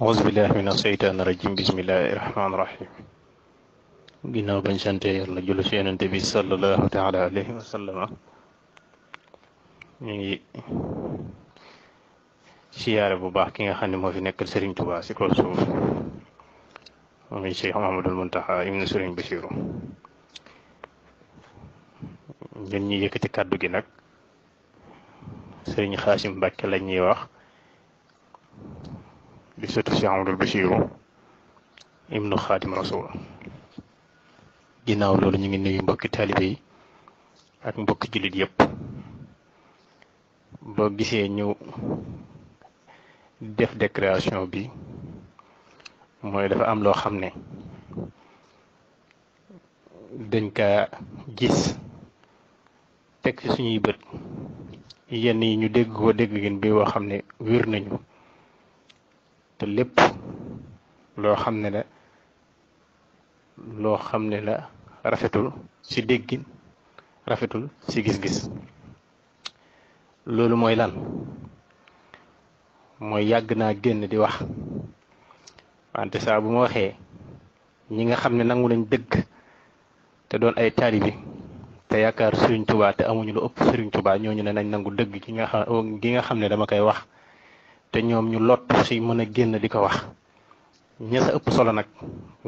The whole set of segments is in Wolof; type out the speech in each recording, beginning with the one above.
أعوذ بالله من الشيطان الرجيم بسم الله الرحمن الرحيم جنا بن شنت يلا جلوس ين النبي صلى الله تعالى عليه وسلم ني سيار بو باخ كيغا خاني مو في نيك سيرن توبا سي كول سوف امي شيخ محمد المنتهى ابن سيرن بشير ñen ñi yëkëti kaddu gi nag sëriñ xaasim mbàkke lañ ñuy wax di sëtu cheikh amadou bachiru ibnu xaadim rasul ginnaaw loolu ñu ngi nuyu mbokki taalibe yi ak mbokki julit yépp boo gisee ñu def déclaration bi mooy dafa am loo xam dañ ka gis teg ci suñuy bët yenn yi ñu dégg ko dégg gin bi woo xam ne nañu te lépp loo xam ne la loo xam la rafetul ci déggin rafetul ci gis-gis loolu mooy lan mooy yàgg naa génn di wax wante saa bu ma waxee ñi nga xam ne nangu nañ dëgg te doon ay taalibi te yaakaar Serigne Touba te amuñu lu ëpp Serigne Touba ñooñu ne nañ nangu dëgg gi nga xam gi dama koy wax te ñoom ñu lot si mën a génn di ko wax ña sa ëpp solo nag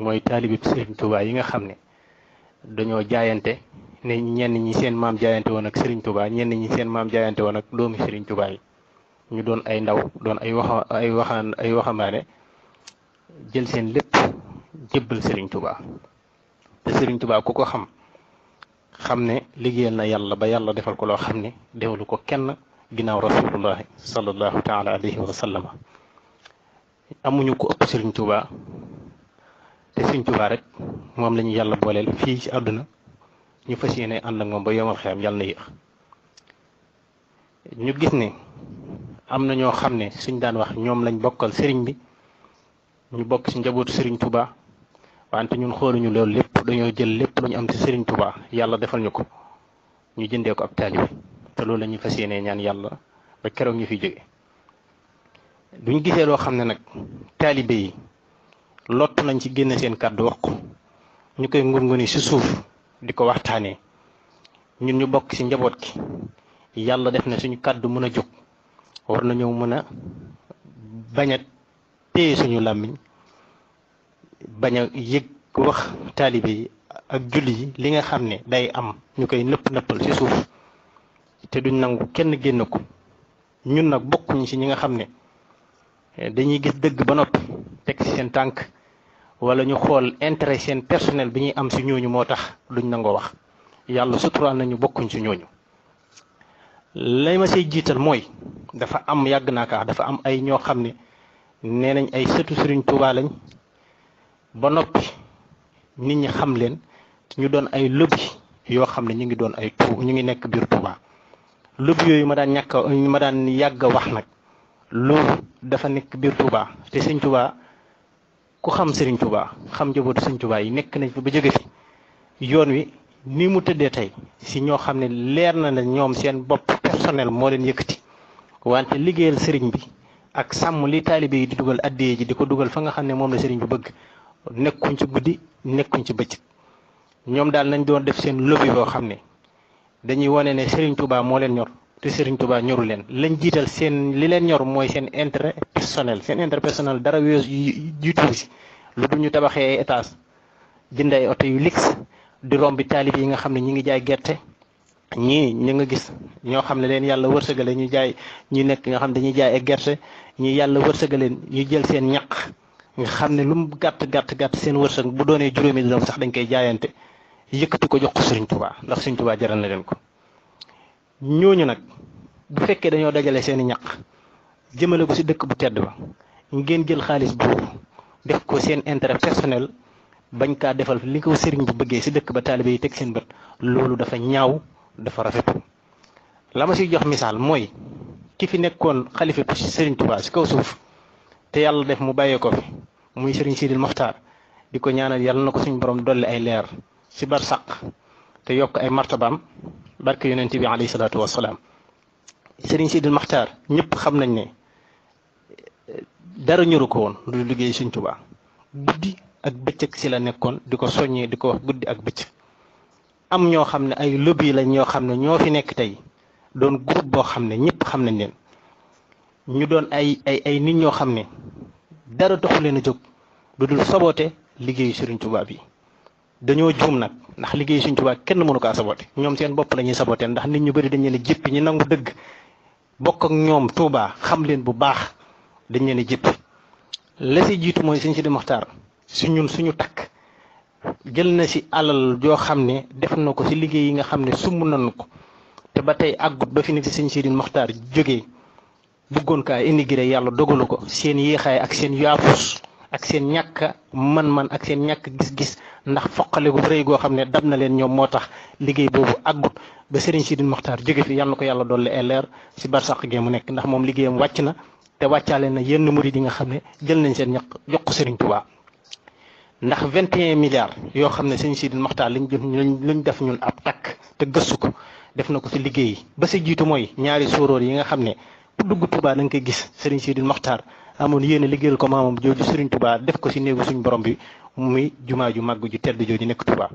mooy taalibi Serigne Touba yi nga xam ne dañoo jaayante ne ñenn ñi seen maam jaayante woon ak Serigne Touba ñenn ñi seen maam jaayante woon ak doomi Serigne Touba yi ñu doon ay ndaw doon ay waxa waxaan ay waxambaane jël seen lépp jébbal sëriñ Touba te Serigne Touba ku ko xam xam ne liggéeyal na yàlla ba yàlla defal ko loo xam ne defalu ko kenn. ginnaaw rasulullahi sallallahu taala alayhi wa amuñu ko ëpp Serigne Touba te Serigne Touba rek moom lañu yàlla booleel fii ci àdduna ñu fas yéene ànd ak moom ba yomal xeyam yàlla na yéex ñu gis ne am na ñoo xam ne suñ daan wax ñoom lañ bokkal sëriñ bi ñu bokk ci njabootu Serigne Touba wante ñun xooluñu loolu lépp dañoo jël lépp lu ñu am ci Serigne Touba yàlla defal ñu ko ñu jëndee ko ab taalibe te loolu la ñuy fas yéenee ñaan yàlla ba keroog ñu fi jóge duñ gisee loo xam ne nag taalibe yi lott nañ ci génn seen kàddu wax ko ñu koy ngurnguni ci suuf di ko waxtaanee ñun ñu bokk ci njaboot gi yàlla def na suñu kàddu mën a jóg war nañoo mën a bañ a téye suñu làmmiñ bañ a yëg wax taalibe yi ak julli yi li nga xam ne day am ñu koy nëpp nëppal ci suuf te duñ nangu kenn génn ko ñun nag bokkuñ ci ñi nga xam ne eh, dañuy gis dëgg ba noppi teg ci seen tànk wala ñu xool intérêt seen personnel bi ñuy am ci ñooñu moo tax duñ nangoo wax yàlla suturaal nañu bokkuñ ci ñooñu lay ma say jiital mooy dafa am yàgg naa kaa dafa am ay ñoo xam ne nee nañ ay sëtu Sëriñ Tuubaa ba noppi nit ñi xam leen ñu doon ay lobby yoo xam ne ñu ngi doon ay tu ñu ngi nekk biir lëbu yooyu ma daan ñàkk ma daan yàgg wax nag loolu dafa nekk biir tubaa te sëñ tubaa ku xam Serigne Touba xam njabootu sëñ Touba yi nekk nañ fi ba jóge fi yoon wi ni mu tëddee tey si ñoo xam ne leer na ne ñoom seen bopp personnel moo leen yëkkati wante liggéeyal sëriñ bi ak sàmm li taalibe yi di dugal addiyee ji di ko dugal fa nga xam ne moom la seriñ bu bëgg nekkuñ ci guddi nekkuñ ci bëcc ñoom daal nañ doon def seen lobby boo xam ne. dañuy wane ne Serigne Touba moo leen ñor te Serigne Touba ñoru leen lañ jiital seen li leen ñor mooy seen intérêt personnel seen intérêt personnel dara weesu jiitu si lu dul ñu tabaxee ay étage jënd ay oto yu luxe di rombi taalib yi nga xam ne ñi ngi jaay gerte ñii ñu nga gis ñoo xam ne leen yàlla wërsëgale ñu jaay ñu nekk nga xam dañuy jaay ay gerte ñu yàlla wërsëgale ñu jël seen ñaq nga xam ne lu mu gàtt gàtt gàtt seen wërsëg bu doonee juróomi dërëm sax dañ koy jaayante. yëkëti ko jox serigne touba ndax serigne touba jaral na leen ko ñooñu nak bu fekke dañoo dajalé seen ñaq jëmele ko ci dëkk bu tedd ba ngeen jël xaaliss bu def ko seen intérêt personnel bañ ka defal li ko Serigne bu bëggé ci dëkk ba talibé yi tek seen bët loolu dafa ñaaw dafa rafet la ma siy jox misal moy ki fi nekkon xalifa ci Serigne Touba ci kaw suuf te Yalla def mu bayé ko fi muy Serigne sidil Mokhtar Diko ñaanal Yalla nako suñu borom dolli ay leer ci barsàq te yokk ay martabaam barke yonent bi alayhi salaatu wasalaam sëriñ Sidil Maxtaar ñëpp xam nañ ne dara ñoru ko woon lu liggéey Sëriñ Tuubaa guddi ak bëccëg si la nekkoon di ko soññee di ko wax guddi ak bëccëg am ñoo xam ne ay lobby lañ ñoo xam ne ñoo fi nekk tey doon groupe boo xam ne ñëpp xam nañ leen ñu doon ay ay nit ñoo xam ne dara taxu leen a jóg lu dul soboote liggéeyu Sëriñ Tuubaa bi dañoo juum nag ndax liggéey Sëñ Tuubaa kenn mënu kaa saboté ñoom seen bopp la ñuy saboté ndax nit ñu bëri dañ leen jéppi ñu nangu dëgg bokk ak ñoom Tuubaa xam leen bu baax dañ leen jéppi la si jiitu mooy Sëñ Sidi Moxtaar su ñun suñu takk jël na si alal joo xam ne def na ko si liggéey yi nga xam ne sumb nañu ko te ba tey àggut ba fi nekk si Sëñ Sidi Moxtaar jógee bëggoon kaa indi yàlla dogalu ko seen yéexaay ak seen yaafus ak seen ñàkk man-man ak seen ñàkk gis-gis ndax foqale gu rëy goo xam ne dab na leen ñoom moo tax liggéey boobu àggut ba Serigne Sidi Mokhtar jóge fi yal na ko yàlla dolli leer si barsàq gee mu nekk ndax moom liggéeyam wàcc na te wàccaale na yenn murid di nga xam ne jël nañ seen ñaq jox ko Serigne Touba ndax 21 milliards yoo xam ne Serigne Sidi Mokhtar lañ jëf lañ def ñun ab takk te gëstu ko def na ko si liggéey ba sa jiitu mooy ñaari sóoróor yi nga xam ne ku dugg Touba da nga koy gis Serigne Sidi Mokhtar amoon yéene liggéeyal ko maamam jooju Serigne Touba def ko si néegu suñ borom bi muy jumaa ju màgg ju tedd jooju nekk tubaa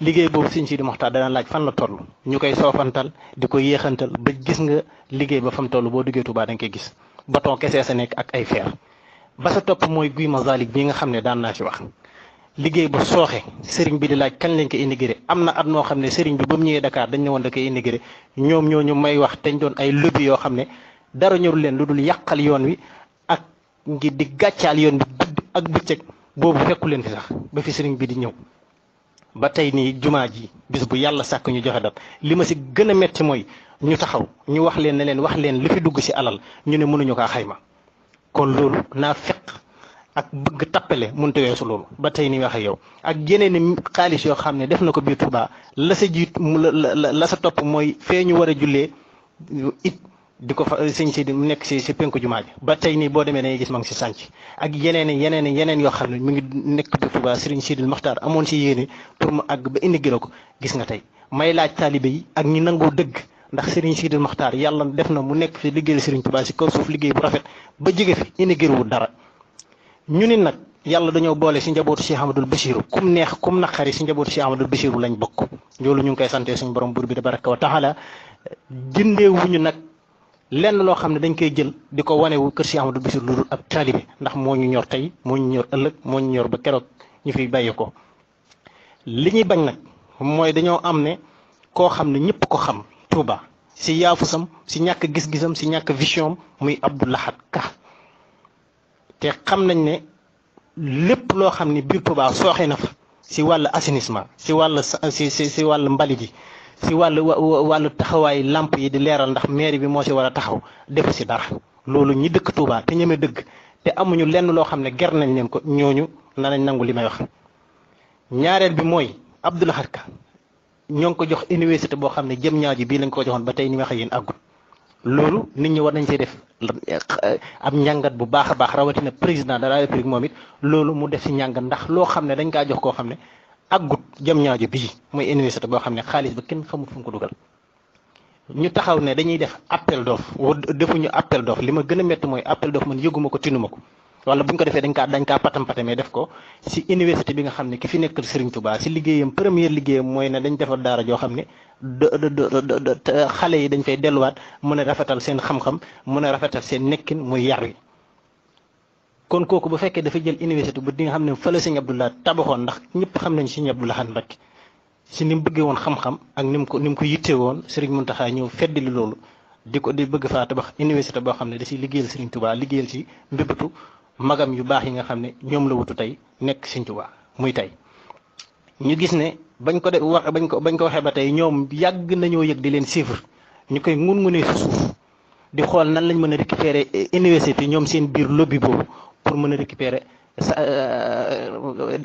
liggéey boobu si Sidi Moxtaar dana laaj fan la toll ñu koy soofantal di ko yéexantal ba gis nga liggéey ba fa mu toll boo duggee tubaa da koy gis baton kese sa nekk ak ay feer ba sa topp mooy guy Masalik bi nga xam ne daan naa ci wax. liggéey ba sooxe sëriñ bi di laaj kan lañ ko intégré am na at moo xam ne sëriñ bi ba mu ñëwee dañ ne woon da koy intégré ñoom ñooñu may wax dañ doon ay lobby yoo xam ne dara ñorul leen lu dul yàqal yoon wi ngir di gàccaal yoon bi guddi ak bëccëg boobu fekku leen fi sax ba fi sëriñ bi di ñëw ba tey nii jumaa ji bis bu yàlla sàkk ñu joxe dat li ma si gën a metti mooy ñu taxaw ñu wax leen ne leen wax leen li fi dugg si alal ñu ne mënuñu kaa xayma kon loolu naa fekk ak bëgg tappale mënta weesu loolu ba tey nii waxe yow ak yeneen xaalis yoo xam ne def na ko biir Tuubaa la sa jiit la sa topp mooy fee ñu war a jullee it di ko fa eh, sëñ si mu nekk si si penku jumaa ji ba tey nii boo demee dañuy gis ma ngi si sànc ak yeneen yeneen yeneen yoo xam ne mu ngi nekk di Tuubaa Sëriñ Sidil Maxtaar amoon si yéene pour mu àgg ba indi ko gis nga tey may laaj taalibe yi ak ñi nangoo dëgg ndax Sëriñ Sidil Maxtaar yàlla def na mu nekk fi liggéeyal Sëriñ Tuubaa si kaw suuf liggéey bu rafet ba jege fi indi wu dara ñu ni nag yàlla dañoo boole si njabootu Cheikh Amadou Bassirou kum kum lenn loo xam ne dañ koy jël di ko wanewu kër si Amadou Bassirou lu dul ab taalibe ndax moo ñu ñor tey moo ñu ñor ëllëg moo ñu ñor ba keroog ñu fiy bàyyi ko li ñuy bañ nag mooy dañoo am ne koo xam ne ñëpp ko xam tuuba si yaafusam si ñàkk gis-gisam si ñàkk vision muy Abdou Lahad Ka te xam nañ ne lépp loo xam ne biir Touba sooxe na fa si wàll assainissement si wàll si si wàll mbali ji si wàllu wàllu taxawaay làmp yi di leeral ndax mairie bi moo si war a taxaw defu si dara loolu ñi dëkk Touba te ñeme dëgg te amuñu lenn loo xam ne ger nañ leen ko ñooñu nañ nangu li may wax ñaareel bi mooy Abdou Lahad ñoo ngi ko jox université boo xam ne jëm ñaaji bii lañ ko joxoon ba tey ni wax ak yéen àggul loolu nit ñi war nañ see def eh, am njàngat bu baax a baax rawatina président de république moom it loolu mu def si njàngat ndax loo xam ne dañ kaa jox koo xam ne ak aggut jam ñaajo bii mooy université boo xam ne xaalis ba kenn xamul fu mu ko dugal ñu taxaw ne dañuy def appel d'offre wa defuñu appel d'offre li ma gën a métti mooy appel d'offre man yëguma ko tinuma ko wala bu ñu ko defee dañ kaa dañ kaa patam patamee def ko si université bi nga xam ne ki fi nekkal Serigne Touba si liggéeyam première liggéeyam mooy ne dañ defar daara joo xam ne xale yi dañ fay delluwaat mën a rafetal seen xam-xam mën a rafetal seen nekkin muy yar wi kon kooku bu fekkee dafa jël université bu di nga xam ne fële sëñ Abdoulaye tabaxoon ndax ñëpp xam nañ sëñ Abdou Lahad Mbacké si ni mu bëggee woon xam-xam ak ni mu ko ni mu ko yitte woon Serigne Mountakha ñëw feddi li loolu di ko di bëgg faa tabax université boo xam ne da ciy liggéeyal Serigne Touba liggéeyal ci mbébatu magam yu baax yi nga xam ne ñoom la wutu tey nekk Serigne Touba muy tey ñu gis ne bañ ko de bañ ko bañ ko waxee ba tey ñoom yàgg nañoo yëg di leen chiffre ñu koy ngun ngunee suuf di xool nan lañ mën a récupérer université ñoom seen biir lobby boobu pour mën a récupérer sa euh,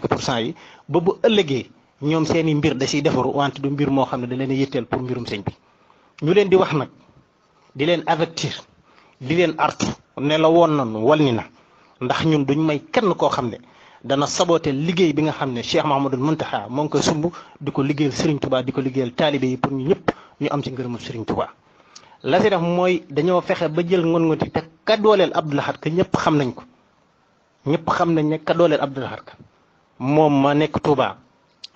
pour cent yi ba bu ëllëgee ñoom seen i mbir da siy defaru wante du mbir moo xam ne da leen a yitteel pour mbirum sëñ bi ñu leen di wax nag di leen avertir di leen artu ne la woon nañu wal ni na ndax ñun duñ may kenn koo xam ne dana saboote liggéey bi nga xam ne Cheikh Mahamadul Muntaxa moo ngi koy sumb di ko liggéeyal Serigne tubaa di ko liggéeyal taalibe yi pour ñu ñëpp ñu am ci ngërëmul Serigne Touba la si def mooy dañoo fexe ba jël ngon-ngon ka dooleel Abdou Lahad Ka ñëpp xam nañ ko ñëpp xam nañ ne ka dooleel Abdou Ka moom ma nekk Touba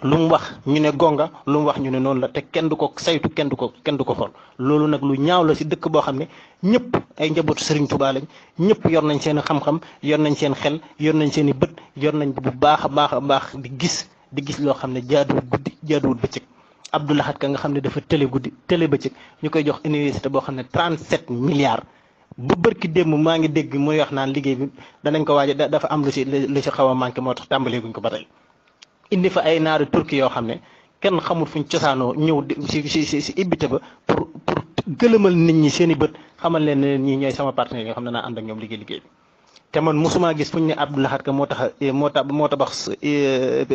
lu mu wax ñu ne gonga lu mu wax ñu ne noonu la te kenn du ko saytu kenn du ko kenn du ko xool loolu nag lu ñaaw la si dëkk boo xam ne ñëpp ay njabootu Serigne Touba lañ ñëpp yor nañ seen xam-xam yor nañ seen xel yor nañ seen i bët yor nañ bu baax a baax a di gis di gis loo xam ne jaaduwul guddi jaaduwul bëccëg Abdou Lahad Ka nga xam ne dafa télé guddi télé bëccëg ñu koy jox université boo xam ne 37 milliards. bu bërki démb maa ngi dégg muy wax naan liggéey bi danañ ko waaj dafa am lu si lu si xaw a manqué moo tax tàmbalee guñ ko ba tey indi fa ay naaru turki yoo xam ne kenn xamul fuñ cosaanoo ñëw si si si ibbite ba pour pour gëlëmal nit ñi seen i bët xamal leen ne ñii ñooy sama partenaire yoo xam ne naa ànd ak ñoom liggéey liggéey bi te man mosuma gis fu ñu ne Abdou Lahad Ka moo tax moo tax moo tabax e,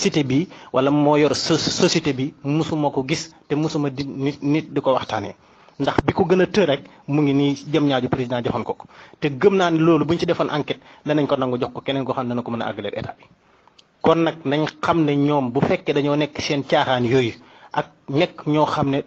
cité bi wala moo yor société bi mosuma ko gis te mosuma di nit nit di ko waxtaanee. ndax bi ko gën a të rek mu ngi nii jëm ñaaju président joxoon ko ko te gëm naa ne loolu bu ñu ci defoon enquête danañ ko nangu jox ko keneen ko xam ne dana ko a àggaleel état bi kon nag nañ xam ne ñoom bu fekkee dañoo nekk seen caaxaan yooyu ak nekk ñoo xam ne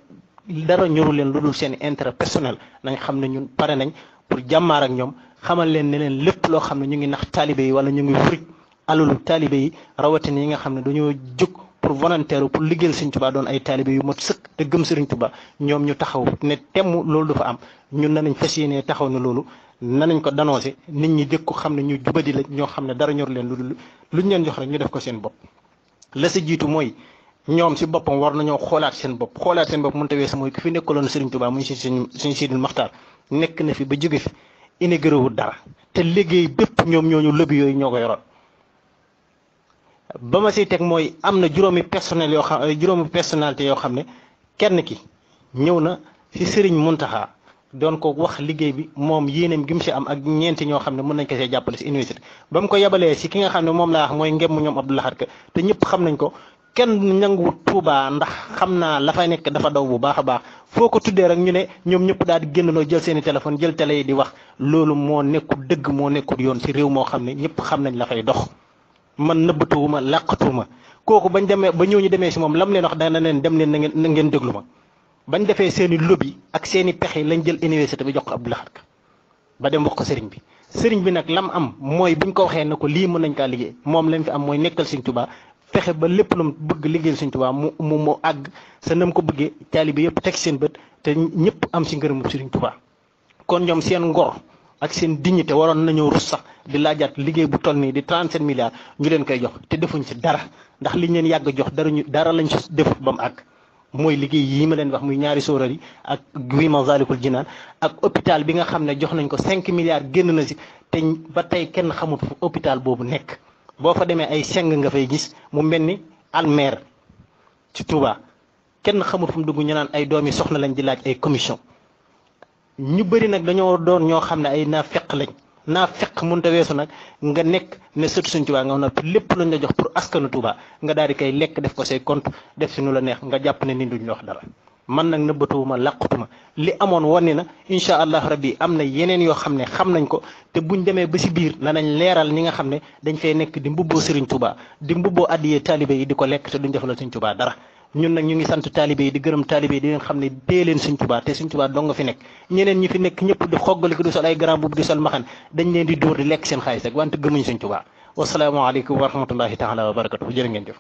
dara ñoru leen lu dul seen intérêt personnel nañ xam ne ñun pare nañ pour jàmmaar ak ñoom xamal leen ne leen lépp loo xam ne ñu ngi nax taalibe yi wala ñu ngi furuj alalu taalibe yi rawatina yi nga xam ne dañoo jóg pour volontaire pour liggéeyal Sëriñ Tuubaa doon ay taalibe yu mot sëkk te gëm Sëriñ Tuubaa ñoom ñu taxaw ne temm loolu dafa am ñun nanañ fas yéenee taxaw ne loolu nanañ ko dénoncé nit ñi dégg ko xam ne ñu jubadi la ñoo xam ne dara ñor leen lu dul luñ leen jox rek ñu def ko seen bopp la sa jiitu mooy ñoom si boppam war nañoo xoolaat seen bopp xoolaat seen bopp mënta weesu mooy ku fi nekkaloon Sëriñ Tuubaa muy suñ suñ Sidil Maxtaar nekk na fi ba jóge fi inégréwul dara te liggéey bépp ñoom ñooñu lëbi yooyu ñoo ba ma siy teg mooy am na juróomi personnel yoo xam juróomi personnalité yoo xam ne kenn ki ñëw na si mun Mountakha doon ko wax liggéey bi moom yéeneem gi mu si am ak ñeenti ñoo xam ne mën nañ ko see jàppale si université ba mu ko yebalee si ki nga xam ne moom laa wax mooy ngem mu ñoom Abdou Lahad Ka te ñëpp xam nañ ko kenn nangu Touba ndax xam naa la fa nekk dafa daw bu baax a baax foo ko tuddee rek ñu ne ñoom ñëpp daal di génnandoo jël seen i téléphone jël télé yi di wax loolu moo nekkul dëgg moo nekkul yoon si réew moo xam ne ñëpp xam nañ la fay dox. man nëbbatuwuma làqatuwuma kooku bañ demee ba ñëw ñu demee si moom lam leen wax dana leen dem leen na ngeen na ngeen déglu ma bañ defee seen i ak seeni i pexe lañ jël université bi jox ko Abdou Lahad ba dem wax ko sëriñ bi sëriñ bi nag lam am mooy bi ko waxee na ko lii mën nañ kaa liggéey moom lañ fi am mooy nekkal Sëriñ Tuubaa fexe ba lépp lu mu bëgg liggéeyal Sëriñ tubaa mu mu mu àgg sa nam ko bëggee taalibe yëpp teg seen bët te ñëpp am si ngërëmu Sëriñ Tuubaa kon ñoom seen ngor ak seen dignité waroon nañoo rus sax di laajaat liggéey bu toll nii di 37 milliards ñu leen koy jox te defuñ ci dara ndax liñ leen yàgg jox dara ñu dara lañ ci defut ba mu mooy liggéey yii ma leen wax muy ñaari sóorar yi ak guy ji Jinaan ak hôpital bi nga xam ne jox nañ ko 5 milliards génn na si te ba tey kenn xamut fu hôpital boobu nekk boo fa demee ay seng nga fay gis mu mel ni almer ci Touba kenn xamut fu mu dugg ñu naan ay doomi soxna lañ di laaj ay commission ñu bëri nag dañoo doon ñoo xam ne ay naa naafeq lañ naafeq mënut a weesu nag nga nekk ne sëtu Sëñ Tuubaa nga xam ne lépp lañ la jox pour askana Tuubaa nga daal di koy lekk def ko see compte def si nu la neex nga jàpp ne ni duñ la wax dara man nag nëbbatuwuma ma li amoon wane na incha allah rabbi am na yeneen yoo xam ne xam nañ ko te buñ demee ba si biir danañ leeral ñi nga xam ne dañ fay nekk di mbubboo Sëriñ Tuubaa di mbubboo addiyee taalibe yi di ko lekk te duñ defal Sëñ Tuubaa dara ñun nag ñu ngi sant taalibe yi di gërëm taalibe yi di leen xam ne dee leen Sëñ Tuubaa te Sëñ Tuubaa dong fi nekk ñeneen ñi fi nekk ñëpp di xoggaliko di sol ay grand boubou di sol maxan dañ leen di dóor di lekk seen xaalis rek wante gëmuñ Sëñ Tuubaa wasalaamaaleykum wa rahmatullahi taala wa barakatu jërë ngeen jëf